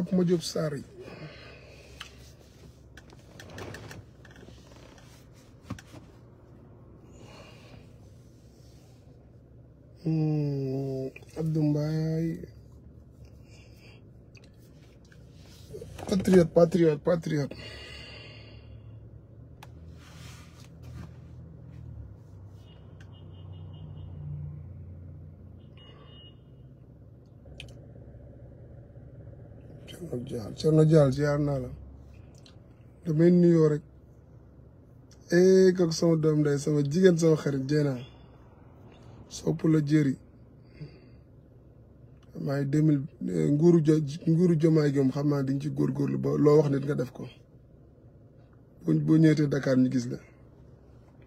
Kapım Diop Sarr yi Abdou Mbaye patriote patriote patriote Dial Cerno Dial ziar naa la damay nuyoo rek eh kooku sama doom day sama jigéen sama xarit Diena sopp la jëri maay deux mille eh, nguuru nguuru jomaay xam naa diñ ci góorgóorlu ba wax nit nga def ko buñ boo ñëwetee Dakar gis la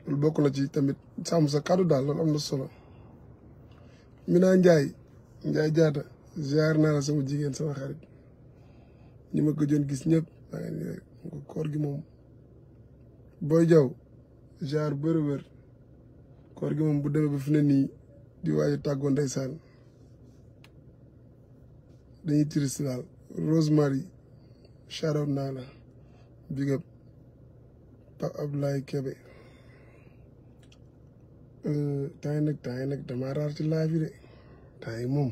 loolu bokk na ci tamit sàmm sa kàddu daal loolu solo mi Njaay Njaay jaata ziar naa jigéen sama xarit ñi ma gëjoon gis ñëpp maa ngi nii gi moom booy jaw genre bëri wër gi moom bu demee ba fi ne nii di waaj a de ndeysaan dañuy triste daal Rosemary Sharon naa la big up Pape Abdoulaye Kébé euh, temps yi nag temps yi nag damaa raar ci live yi de moom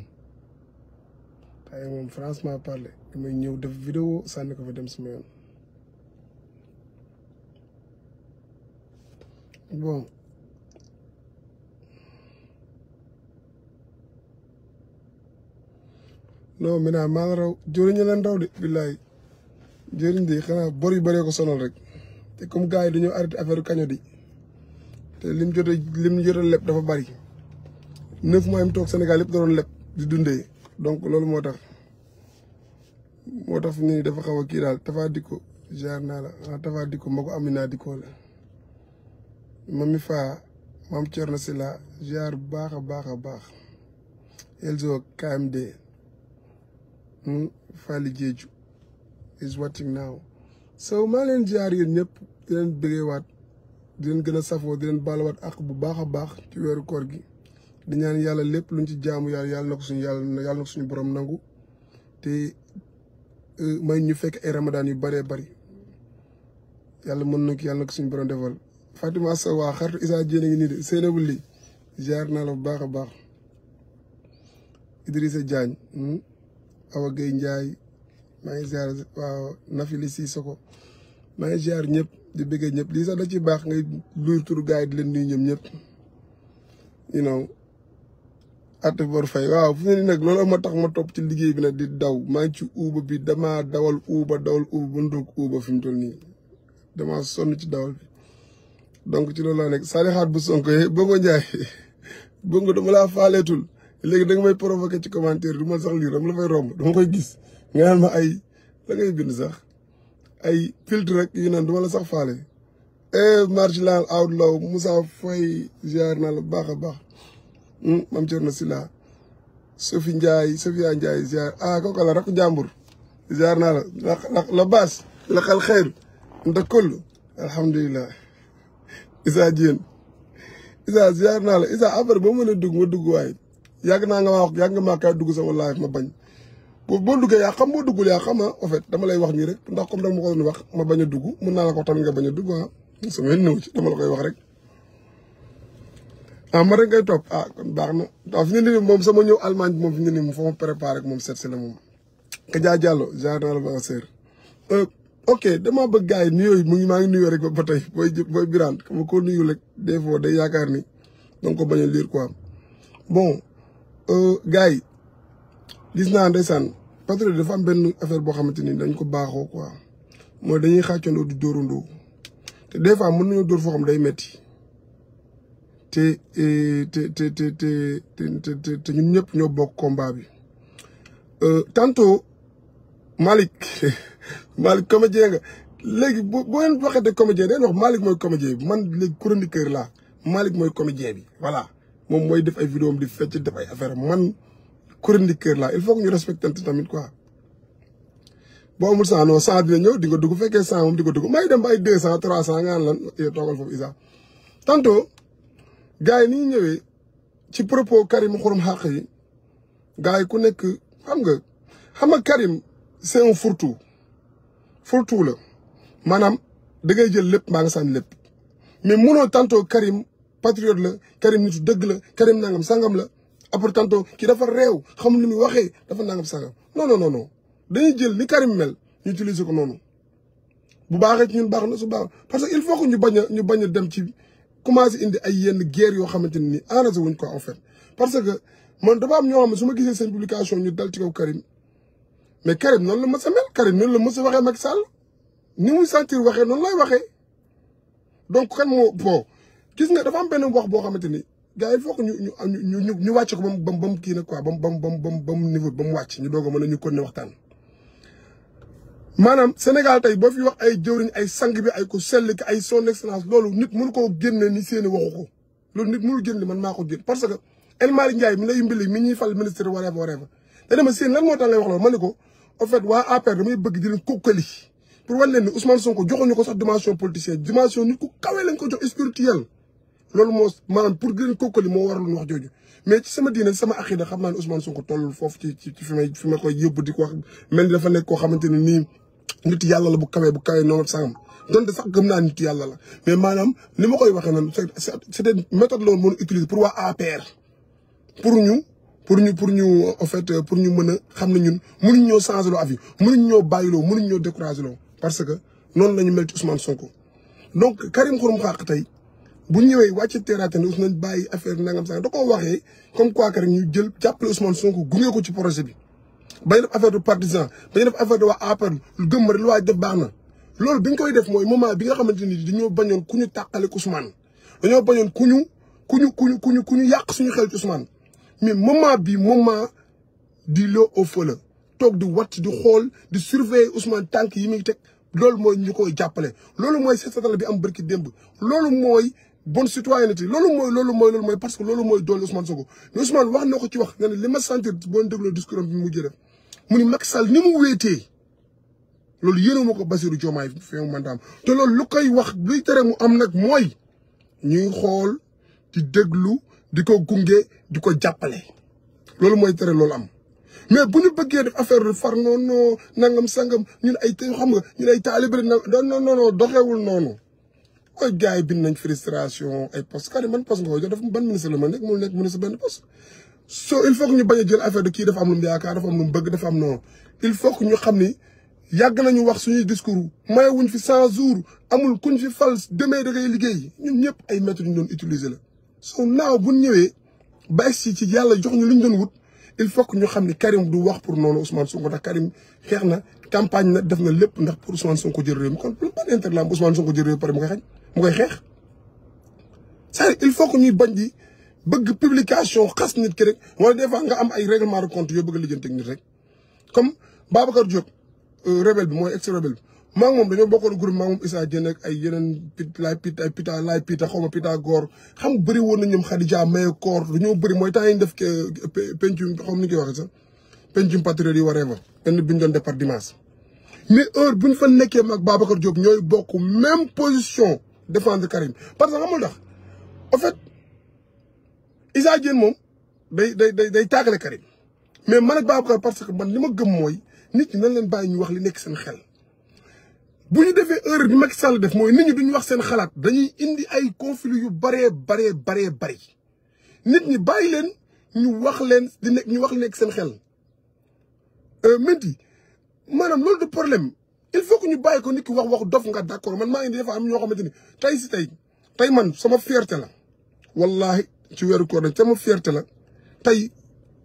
temps yi damay ñëw def vidéo sànni ko fa dem sama yoon bon non mi naa maa la raw jëriñu leen raw de billaay jëriñ de xanaa bor yu bëree ko sonal rek te comme gars yi dañoo arrêté affaire kaño di te lim jot lim jot leb dafa bari neuf mois yi mu toog Sénégal yëpp da leb di dundee donc loolu moo tax. moo tax fi mu dafa xaw kii daal Tafa Dicko jaar naa la ah Tafa Dicko moo ko Amina Dicko la Mami Fa maam Thierno Sila jaar baax a baax a baax Elzo KMD hmm, Fally Diedhiou is watching naaw so maa leen jaar yéen ñëpp di leen bëggeewaat di leen gën a safoo di leen baalawaat ak bu baax a baax ci weeru koor gi di ñaan yàlla lépp luñ ci jaamu yàlla yàlla na yàlla yàlla suñu borom nangu te Euh, may ñu fekk ay ramadaan yu bëree bëri yàlla mën na ko yàlla ko suñu borom defal Fatima Sawa xaritu Isa Jéen a ngi nii de Seynabou Ly jaar naa la bu baax a baax Idrissa Diagne hmm? Awa Gueye Ndiaye maa ngi ziar waaw Nafili Sissoko maa ngi ziar ñëpp di bëggee ñëpp lii sax da ci baax ngay luur turu gars yi di leen nuyu ñoom ñëpp atte bi war fay waaw fu ne nii nag loolu ma tax ma topp ci liggéey bi nag di daw maa ngi ci uuba bi dama dawal uuba dawal uuba ba ndoog uuba fi mu toll nii dama sonn ci dawal bi donc ci loolu laa nekk saali xaat bu sonko ye bëgg njaay bëgg dama laa faaleetul léegi da nga may provoqué ci commentaire du ma sax lii dama la fay romb dama koy gis nga naan ma ay la ngay bind sax ay filtre rek yu naan duma la sax faale eh, marginal outlaw Moussa Faye ziar naa la baax a baax mam jorna Sila Sofi Njaay Sofia Njaay ziar ah ko la rak jambour ziar na la la la la baas la xal xeyr nda kull alhamdullilah Isa jien Isa ziar na la Isa affaire bo meuna dug ma dug way yag na nga wax yag nga maa kaa dugg sama life ma bañ bo bo duggee ya xam bo dugul ya xama ah, en fait dama lay wax ni rek ndax comme dama ko dugu, wax ma baña a mu na la ko tam nga baña dug ha ah. sama ci dama la koy wax rek. ah ma rek ngay topp ah kon baax na waaw fi ñu moom sama ñëw Allemagne moom fi ñu ne nii moom fa ma préparé ak moom seet si la moom. Kaja Diallo jardin la sœur ok damaa bëgg gars yi nuyoo yi mu maa ngi nuyoo rek ba tey booy booy Birane ma ko nuyu rek des fois day yaakaar ni danga ko bañ a lire quoi bon euh, gars yi gis naa ndeysaan patriote dafa am benn affaire boo xamante ni dañ ko baaxoo quoi mooy dañuy xàccandoo di dóorandoo te des fois mën nañoo dóor foo xam day metti E, te te te te te te ñun ñëpp ñoo bokk combat bi euh, tantôt Malick Malick comédien nga léegi boo boo leen waxee de comédien dañuy wax Malick mooy comédien bi man léegi chroniqueur laa Malick mooy comédien bi voilà moom mooy def ay vidéo am di fecc def ay affaire man chroniqueur laa il faut que ñu respectante tamit quoi. boo amul cent non cent dina ñëw di nga dugg fekkee cent moom di nga dugg may dem ba ay deux cent trois cent nga lan yow toogal foofu Isa tantôt. gars yi ni ñu ñëwee ci propos Karim Xurum Xaq yi gars yi ku nekk xam nga xam nga Karim c'est un fourre-tout la maanaam dangay jël lépp maa nga sànni lépp mais munoo tantôt Karim patriote la Karim nitu dëgg la Karim nangam sangam la après tantôt ki dafa réew xamul ni muy waxee dafa nangam sangam non non non dañuy jël ni Karim mel ñu utiliser ko noonu bu baaxee ci ñun baax na su baax parce que il faut que ñu bañ a ñu bañ a dem ci. commencé indi ay yenn guerre yoo xamante ni nii arrangé wuñ ko en fait parce que man dafa am ñoo xam ne su ma gisee seen publication ñu dal ci kaw Karim mais Karim noonu la mës a mel Karim noonu la mës a waxee Macky sàll ni muy sentir waxee noonu lay waxee donc kan moo bon gis nga dafa am benn wax boo xamante ni gars il faut que ñu ñu ñu ñu wàcc ko ba mu ba mu kii nag quoi ba mu ba mu ba mu niveau ba mu wàcc ñu doog a mën a ñu kon ne waxtaan. maanaam Sénégal tey boo fi wax ay jëwriñ ay sang bi ay ko sell ki ay son excellence loolu nit mënu ko génne ni seeni waxu ko loolu nit mënul génne man maa ko parce que El Malick Ndiaye mi lay mbili mi ñuy fal ministre whatever whatever te dama seen lan moo tax ngay loolu ma ko en fait waa APR damay bëgg di leen kokkali pour wan leen ne Ousmane Sonko joxuñu ko sax dimension nit ku kawee ko jox moo maanaam pour wax jooju mais ci sama diine sama aqida xam naa ne Ousmane Sonko foofu ci ci ko wax mel ni koo xamante ne nii nit yàlla la bu kawee bu kawee noonu sangam donte sax gëm naa nit yàlla la mais maanaam ni ma koy waxee noonu c'était méthode la woon mën pour waa APR pour ñu pour ñu pour ñu en pour ñu mën a xam ne ñun mënuñ ñoo changé loo avis mënuñ ñoo bàyyiloo mënuñ ñoo découragé lo parce que noonu la ñu mel ci Ousmane Sonko donc Karim Xurum Xaq tey bu ñëwee wàcc terraate ne Ousmane bàyyi affaire nangam sangam da koo waxee comme quoi que ñu jël jàppale Ousmane Sonko gunge ko ci projet bi bañ def affaire du partisan bañ def affaire de waa APR lu gëm ma lu waay def baax na loolu bi ñu koy def mooy moment bi nga xamante ni dañoo bañoon ku ñu tàqale Ousmane dañoo bañoon ku ñu ku ñu ku ñu ku ñu ku ñu yàq suñu xel ci Ousmane mais bi moment di loo au feu la toog di wàcc di xool yi muy teg loolu mooy ñu koy jàppale loolu mooy seetatal bi am bërki démb loolu mooy ko ci wax nga ne li ma sentir boo dégloo discours am bi mu def mu ni Macky Sall ni mu wéetee loolu yéene ma ko Bassirou Diomaye feewu mandaam te loolu lu koy wax luy tere mu am nag mooy ñuy xool di déglu di ko gungee di ko jàppale loolu mooy tere loolu am mais bu ñu bëggee def affaire far noonu nangam sangam ñun ay te xam nga ñun ay taalibe na non non non doxewul noonu mooy gars yi bind nañ frustration ay poste car man poste nga ko jox def ban ministre la ma nekk mu nekk benn poste so il faut que ñu bañ a jël affaire de kii dafa am lu mu yaakaar dafa am lu mu bëgg dafa am non il faut que ñu xam ni yàgg nañu wax suñuy discours maye wuñ fi cent jours amul kuñ fi fal demee da gay liggéey ñun ñëpp ay méthodes ñu doon utiliser la. so naaw bu ñëwee ba si ci yàlla jox ñu li ñu doon wut il faut que ñu xam ni Karim du wax pour noonu Ousmane ko ndax Karim xeex na campagne na def na lépp ndax pour Ousmane Sonko jël réew mi kon ban intérêt la am Ousmane Sonko jël réew mu koy xeex mu koy xeex bañ di. bëgg publication xas nit ki rek wala des nga am ay règlement de compte yoo bëgg a lijjanti nit rek comme Babacar Diop euh, rebelle bi mooy ex rebelle bi maa moom dañoo bokkoon groupe maa ngi moom Issa Dieng ak ay pit laay pit ay pita laay pita xaw ma pita góor xam bëri woon na ñoom Khadija maye koor dañoo bëri mooy temps yi ñu def pencum xaw ma ni ñu koy waxee sax pencum yi waree ba benn bi ñu doon départ dimanche mais heure bu ñu fa nekkee mag Babacar Diop ñooy bokk même position défendre Karim parce que xamul ndax en fait Issa Diène moom day day day day tàggale Karim mais man ak Babacar parce que man li ma gëm mooy nit ñi nañ leen bàyyi ñu wax li nekk seen xel. bu ñu defee erreur bi mag Sall def mooy nit ñi duñu wax seen xalaat dañuy indi ay conflits yu baree baree baree bari nit ñi bàyyi leen ñu wax leen di nekk ñu wax li nekk seen xel. Euh, Mendy maanaam loolu de problème il faut ñu bàyyi ko nit ki wax wax dof nga d'accord man maa ngi des fois am ñoo xamante ni tey si tey tey man sama fierté la wallahi ci weeru koor nag sama fierté la tey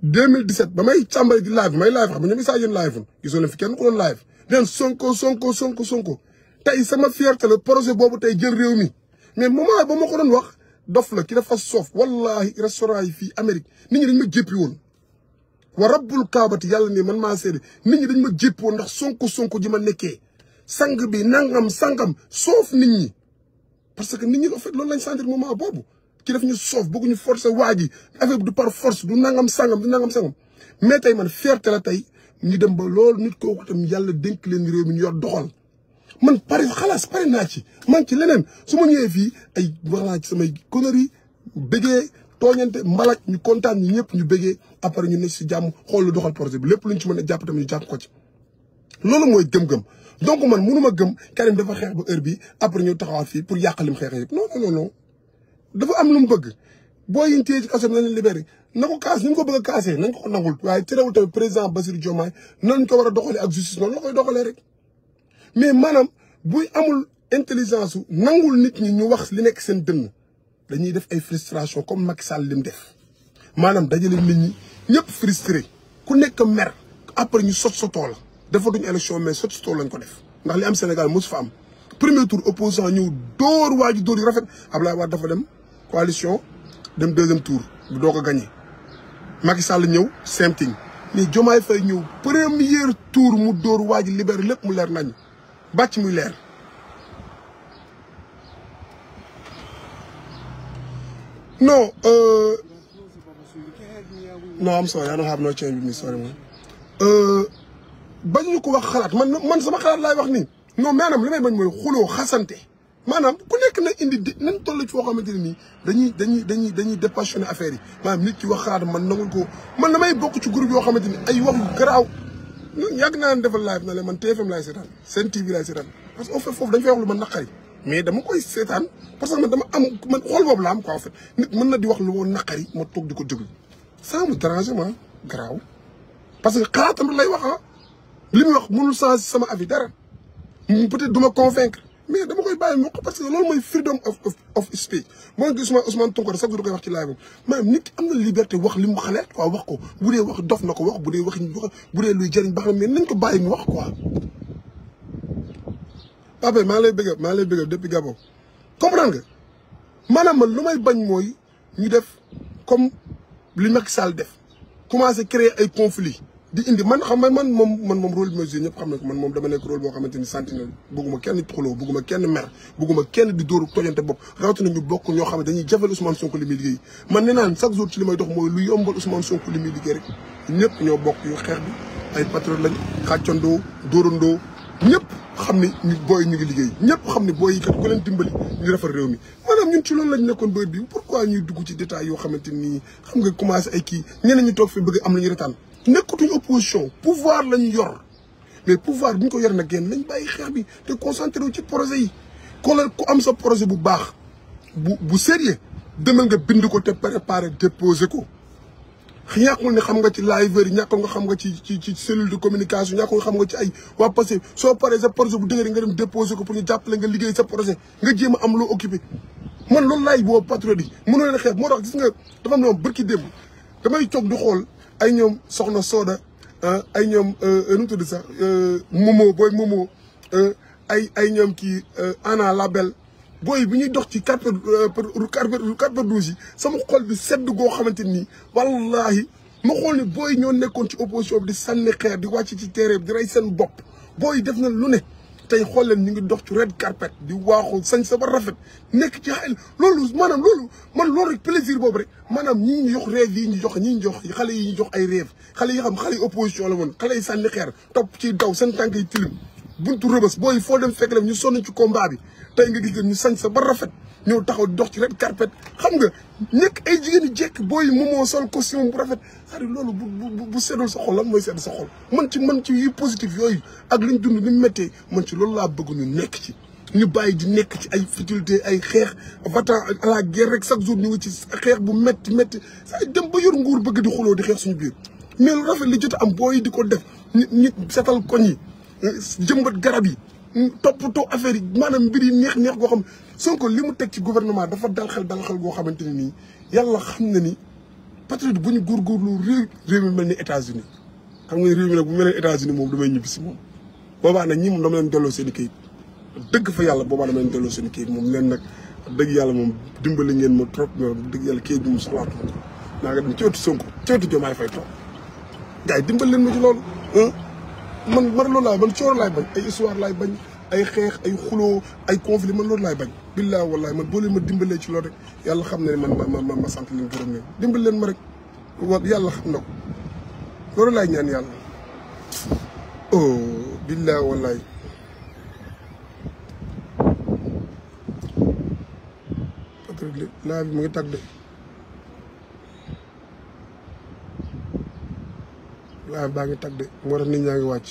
2017 ba may càmbale di live may live xam nga ñoom Issa yéen live gisoo leen fi kenn ku doon sonko sonko sonko sonko tey sama fierté la projet boobu tey jël réew mi mais moment ba ma ko doon wax dof la ki soof wallahi restaurant yi fii Amérique nit ñi dañ ma jéppi woon wa rabbul kaabati yàlla ne man maa seede nit ñi dañ ma jéppi ndax sonko sonko ji ma nekkee sang bi nangam sangam soof nit ñi parce que nit ñi en fait loolu lañ sentir moment boobu ci daf ñu soof bëgguñu forcer waa ji affaire du par force du nangam sangam du nangam sangam mais tey man fierté la tey ñu dem ba loolu nit kooku tam yàlla dénk leen réew mi ñu yor doxal. man pare xalaas pare naa ci man ci leneen su ma ñëwee fii ay wax naa ci samay conneries bëggee tooñante mbalaj ñu kontaan ñu ñëpp ñu bëggee après ñu ne si jàmm xool doxal projet bi lépp luñ ci mën a jàpp tamit ñu jàpp ko ci. loolu mooy gëm-gëm donc man mënu ma gëm Karim dafa xeex bi après ñu taxawaat fii pour yàq lim xeex yëpp non non non. dafa am lu mu bëgg boo yi ñu téye ci kaso bi nañ leen libéré na ko kaas ni mu ko bëgg a kaasee nañ ko ko nangul waaye terewul tamit président Bassirou Diomaye nañ ko war a doxalee ak justice noonu la koy doxalee rek. mais maanaam buy amul intelligence su nangul nit ñi ñu wax li nekk seen dënn dañuy def ay frustration comme Macky Sall lim def maanaam dajale nit ñi ñëpp frustré ku nekk mer après ñu sot sotoo la dafa duñ élection mais sot sotoo lañ ko def ndax li am Sénégal mosu fa am premier tour opposant ñëw dóor waa ji yi yu rafet laa waa dafa dem. coalition dem deuxième tour bu doo ko gagné Macky Sall ñëw same thing ni Diomaye Faye ñëw premier tour mu dóor waaj ji lépp mu leer nañ bàcc muy leer no uh, no I'm sorry I don't have no change with me sorry man euh, bañu ko wax xalaat man man sama xalaat laay wax nii non maanaam li may bañ mooy xuloo xasante maanaam ku nekk na indi di nañ toll foo xamante ne nii dañuy dañuy dañuy dañuy dépassionné affaire yi maanaam nit ki wax xalaat man na nangul ko man damay bokk ci groupe yoo xamante ni ay wax yu garaaw ñun yàgg naa leen defal live na man TFM laay seetaan seen TV laay seetaan parce que au fait foofu dañ fay wax lu ma naqari mais dama koy seetaan parce que man dama am man xool boobu la am quoi na di wax lu ma naqari ma toog di ko déglu sans mu déranger ma garaaw parce que xalaatam lay wax ah li muy wax mënul changer sama peut-être du ma convaincre mais dama koy bàyyi mu ko parce que loolu mooy freedom of of speech moo ngi Ousmane Ousmane Tounkara sax du koy wax ci live maanaam nit am na liberté wax li mu xalaat wax ko bu dee wax dof na ko wax bu dee luy jëriñ baax na mais nañ ko bàyyi wax quoi. Pape maa lay bëgg maa lay bëgg depuis Gabon comprendre nga maanaam man lu may bañ mooy ñu def comme li Macky Sall def commencé créer ay conflits. di indi man xam man man moom man moom rôle bi ma joué ñëpp xam ne ko man moom dama nekk rôle boo xamante ni sentinelle bëgguma kenn xuloo bëgguma kenn mer bëgguma kenn di dóoru tojante bopp rawatina ñu bokk ñoo xam ne dañuy jafel Ousmane Sonko li muy liggéey man ne naan chaque jour ci li may dox mooy lu yombal Ousmane Sonko li muy liggéey rek ñëpp ñoo bokk yu xeex bi ay patriote lañ xàccandoo dóorandoo ñëpp xam ni ñu booy ñu ngi liggéey ñëpp xam ni booy yi kat ku leen dimbali ñu mi maanaam ñun ci loolu lañ nekkoon ba bi pourquoi ñuy dugg ci détail yoo xamante nii xam nga commencé ay kii ñeneen ñu toog fi bëgg am la ñu retaan nekkatuñu opposition pouvoir yor mais pouvoir bu ñu ko yor nag yéen nañ bàyyi xeex bi te concentré wu ci projet yi ko am sa projet bu baax bu bu sérieux demal nga bind ko te préparé déposé ko ñàkkul ne xam nga ci liveur yi ñàkkul nga xam nga ci ci ci cellule de communication ñàkkul nga xam nga ci ay waa passé soo paree sa projet bu dëgër nga dem déposé ko pour ñu jàppale nga liggéey sa projet nga jéem a am loo occupé man loolu laay boo patriote yi mënoo leen xeeb moo tax gis nga dafa am ñoom bërki démb damay toog du xool ay ñoom soxna Soda ah, ay ñoom euh, euh, nu mu tudd sax euh, Momo booy Momo ay ay ñoom kii Anna Label booy bi ñuy dox ci carpe carpe douze yi sama xol bi sedd goo xamante nii wallahi ma xool ni booy ñoo nekkoon ci opposition di sànni xeer di wàcc ci terrain bi di rey seen bopp booy def na lu ne tey xool leen ñu ngi dox ci red carpet di waako sañ sa rafet nekk ci xel loolu maanaam loolu man loolu rek plaisir boobu rek maanaam ñi ñu jox rêve yi ñu jox ñi ñu jox xale yi ñu jox ay rêve xale yi xam xale yi opposition la woon xale yi sànni xeer topp ci daw seen tànk yi tilim buntu rëbës booy foo dem fekk leen ñu sonn ci combat bi tey nga gis leen ñu sañ sa ba rafet ñoo taxaw dox ci red carpet xam nga nekk ay jigéen yu jekk booy moomoo sol costume bu rafet cest loolu bu bu bu seddul sa xol lan mooy sedd sa xol man ci man ci yu positif yooyu ak liñ dund ni méttee man ci loolu laa bëgg ñu nekk ci ñu bàyyi di nekk ci ay futilité ay xeex va-t-en à la guerre rek chaque jour ñu ngi ci xeex bu métti métti saa dem ba yor nguur bëgg di xuloo di xeex suñu biir mais lu rafet li jot am booy di ko def ñi ñi yi jëmbat garab yi toppatoo affaire yi maanaam mbir yi neex neex goo xam Sonko li mu teg ci gouvernement dafa dal xel dal xel goo xamante ne nii yàlla xam na ni patriote bu ñu góorgóorlu réew réew mi mel ni États-Unis xam nga réew mi nag bu mel ni États-Unis moom damay ñibbi si moom boobaa nag ñi moom dama leen delloo seen i kayit dëgg fa yàlla boobaa dama leen delloo seen i kayit moom leen nag dëgg yàlla moom dimbali ngeen ma trop dëgg yàlla kayit bi mu soxlaatu naa nga dem ci wetu Sonko ci من مر لو لاي بان تيور لاي اي اسوار لاي بان اي خيخ اي خلو اي كونفلي من لو لاي بالله والله من بولي ما ديمبلي سي لول رك يالا خامن ما ما ما ما سانت لين غورم ني ديمبل لين ما رك يالا خامن نكو لول لاي نيان يالا او بالله والله لا لا مي تاك دي aaya baa ngi tag de moo ni nit ñaa ngi wàcc